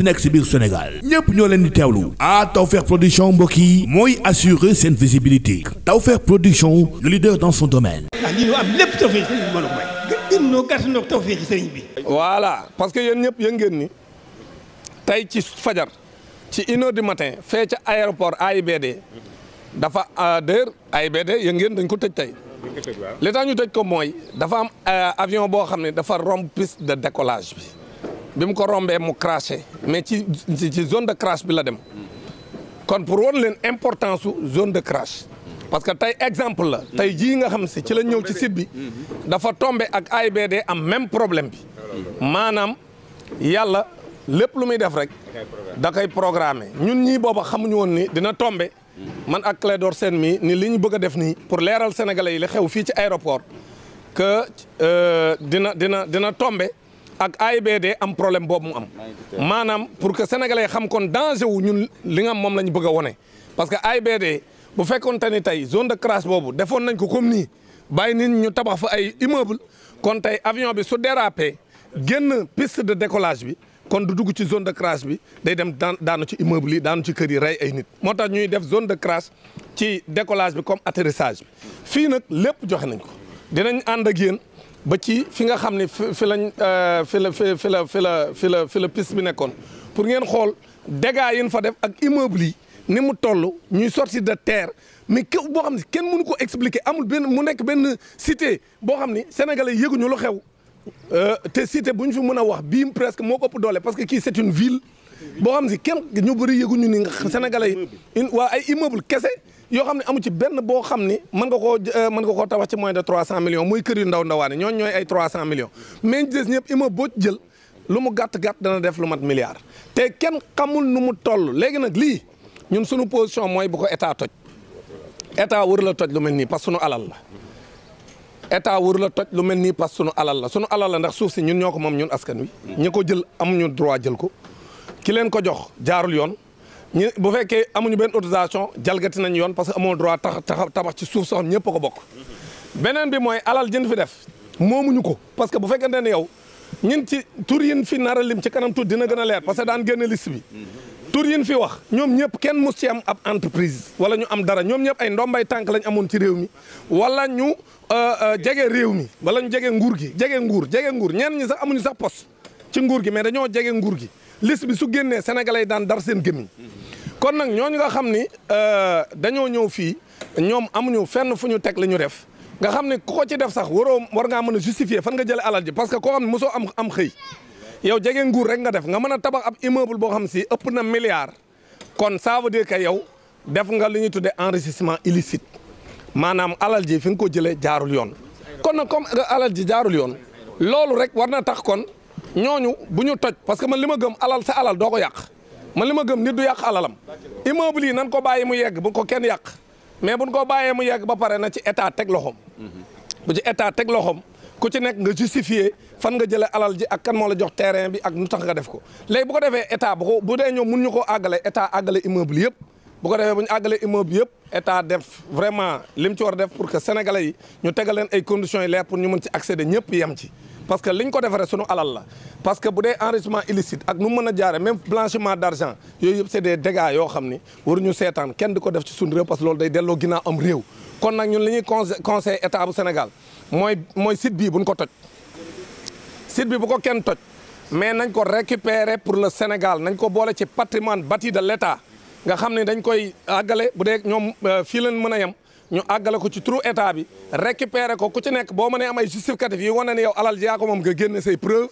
munti nekk si biir Sénégal ñépp ñoo leen di teewlu ah Tawfekh production mbokk yi mooy assurer seen visibilité Tawfekh production le leader dans son domaine. ah lii ñu am lépp Tawfekh sëriñ bi mën a bi. voilà parce que yéen ñëpp yëg ngeen ni tey ci fajar ci une heure du matin fee ca aéroport AIBD dafa euh, d'ailleurs AIBD yëg ngeen dañ ko tëj tey. li ñu tëj ko mooy dafa am euh, avion boo xam ne dafa romb piste de décollage bi. bi mu ko rombee mu craché mais ci ci zone de crash bi la dem kon pour woon leen importance su zone de crash parce que tey exemple la tey jii nga xam si ci la ñëw ci site bi dafa tombe ak AIBD am même problème bi maanaam yàlla lépp lu muy def rek da programme ñun ñii booba xamuñu woon ni dina tombe man ak Clédor seen mii ni li ñu bëgg a def nii pour leeral sénégalais yi li xew fii ci aéroport que euh, dina dina dina tombé ak AIBD am problème boobu mu am maanaam pour que sénégalais xam kon danger wu ñun li nga am moom la ñu bëgg a wone parce que AIBD bu fekkonte ni tey zone de crash boobu defoon nañ ko comme nii bàyyi nit ñu tabax fa ay immeuble kon tey avion bi su dérapé génn piste de décollage bi kon du dugg ci zone de crash bi day dem daanu ci immeuble yi daanu ci kër yi rey ay nit moo tax ñuy def zone de crash ci décollage bi comme atterrissage bi fii nag lépp joxe nañ ko dinañ ànd ak yéen ba ci fi nga xam ne fi lañ euh, fi la fi la fi la fi la fi la piste bi nekkoon pour ngeen xool dégâts yi ñu fa def ak immeuble yi ni mu toll ñuy sorti de terre mais ke boo xam ne kenn mënu ko expliquer amul benn mu nekk benn cité boo xam ni sénégalais yëguñu lu xew euh, te cité bu ñu fi mën a wax bii presque moo ko doole parce que kii c'est une ville boo xam ne kenn ñu bëri yëguñu ni nga sénégalais yi waa ay immeuble kese yoo xam ne amu ci benn boo xam ni mën nga koo euh, mën nga koo tabax ci moins de 300 millions muy kër yu ndaw ndawaan ñooñu ñooy ay 300 millions mais des ñëpp immeuble boo jël lu mu gàtt gàtt dana def lu mat milliard te kenn xamul nu mu toll léegi nag lii ñun suñu position mooy bu ko état toj état wër la toj lu mel nii parce que sunu alal la état la toj lu mel nii parce que sunu alal la alal ndax suuf si ñun ñoo ko moom ñun aska wi. ñi ko jël amuñu droit jël ko ki leen ko jox jaarul yoon. ñu bu fekkee amuñu benn autorisation jalgati nañ yoon parce que amoo droit tax tabax ci suuf soo xam ñëpp ko bokk. beneen bi mooy alal jën fi def moomuñu ko parce que bu fekkente ne yow ñun ci tur yin fi nar a lim ci kanam tuuti dina gën a leer parce que daan génne liste bi. tur fi wax ñoom ñëpp kenn mus ci am ab entreprise wala ñu am dara ñoom ñëpp ay ndombay tànk lañ amoon ci réew mi wala ñu euh, euh, jege réew mi wala ñu jege nguur gi jege nguur jege nguur ñenn ñi sax amuñu sax poste ci nguur gi mais dañoo jege nguur gi. liste bi su génnee sénégalais yi daan dar seen gémmiñ kon nag ñooñu nga xam ni euh, dañoo ñëw fii ñoom amuñu fenn fu ñu teg li ñu def nga xam ne ku ko ci def sax waroo war ngaa mën a justifier fan nga jëlee alal ji parce que koo xam ne mosoo am am xëy yow jege nguur rek nga def nga mën a tabax ab immeuble boo xam si ëpp na milliard kon ça veut dire yow def nga li ñuy tuddee enrichissement illicite maanaam alal ji fi nga ko jëlee jaarul yoon kon nag alal ji jaarul yoon loolu rek ñooñu bu ñu toj parce que man li ma gëm alal sa alal doo ko yàq ma li ma gëm nit du yàq alalam immeuble yi nan ko bàyyi mu yegg bu ko kenn yàq mais buñ ko bàyyee mu yegg ba pare na ci état teg loxoom. bu ci état teg loxoom ku ci nekk nga justifier fan nga jëlee alal ji ak kan moo la jox terrain bi ak nu tax nga def ko léegi bu ko defee état bu ko bu dee ñoom mun ñu ko àggale état àggale immeuble yëpp. bu ko defee bu ñu àggalee immeuble yëpp état def vraiment lim ci war def pour que sénégalais yi ñu tegal leen ay conditions yi pour ñu mën ci accéder ñëpp yem parce que liñ ko defaree sunu alal la parce que bu dee enrichissement illicite ak nu mën a jaare même blanchiment d' argent yooyu yëpp c' est des dégâts yoo xam ni waruñu seetaan kenn di ko def ci suñu réew parce que loolu day delloo ginnaaw am réew kon nag ñun li ñuy conseil état bu Sénégal mooy mooy site bii buñ ko toj site bi bu ko kenn toj mais nañ ko récupérer pour le Sénégal nañ ko boole ci patrimoine bati de l' nga xam ne dañ koy àggale bu dee ñoom euh, fii leen mën a yem ñu àggale ko ci trou état bi récupérer ko ku ci nekk boo mënee am ay justificatif yi wane ne yow alal jiyaa ko moom nga génne say preuve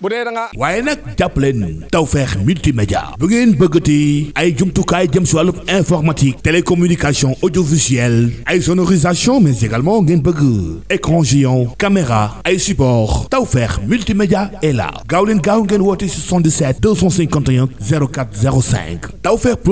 bu dee da nga waaye nag jàppaleen Tawfekh multimédia bu ngeen bëggati ay jumtukaay jëm si wàllu informatique télécommunication audiovisuelle ay sonorisation mais également ngeen bëgg écran géant caméra ay support Tawfekh multimédia est la gaaw leen gaaw ngeen woote 77 251 04 05 Tawfekh